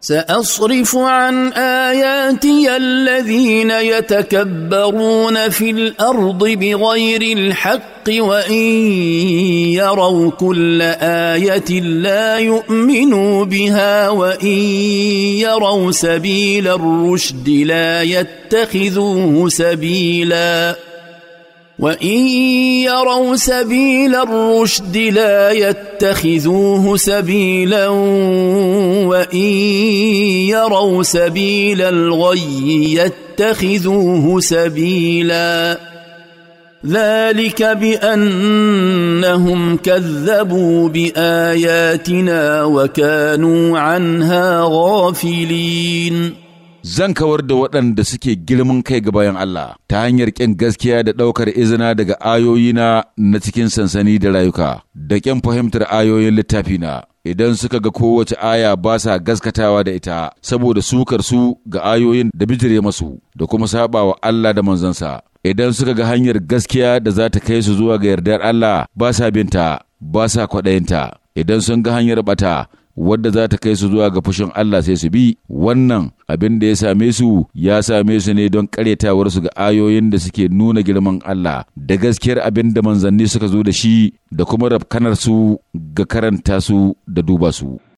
ساصرف عن اياتي الذين يتكبرون في الارض بغير الحق وان يروا كل ايه لا يؤمنوا بها وان يروا سبيل الرشد لا يتخذوه سبيلا وان يروا سبيل الرشد لا يتخذوه سبيلا وان يروا سبيل الغي يتخذوه سبيلا ذلك بانهم كذبوا باياتنا وكانوا عنها غافلين zan kawar da waɗanda suke girman kai ga bayan Allah ta hanyar ƙin gaskiya da ɗaukar izina daga ayoyina na cikin sansani da rayuka da ƙin fahimtar ayoyin littafina idan suka ga kowace aya ba sa gaskatawa da ita saboda sukar su ga ayoyin da bijire masu da kuma saba wa Allah da manzansa idan suka ga hanyar gaskiya da za ta kai su zuwa ga yardar Allah ba sa binta ba sa kwaɗayinta idan sun ga hanyar ɓata. wadda za ta kai su zuwa ga fushin Allah sai su bi wannan abin da ya same su ya same su ne don karyatawar su ga ayoyin da suke nuna girman Allah da gaskiyar abin da manzanni suka zo da shi da kuma rafkanar su ga karanta su da duba su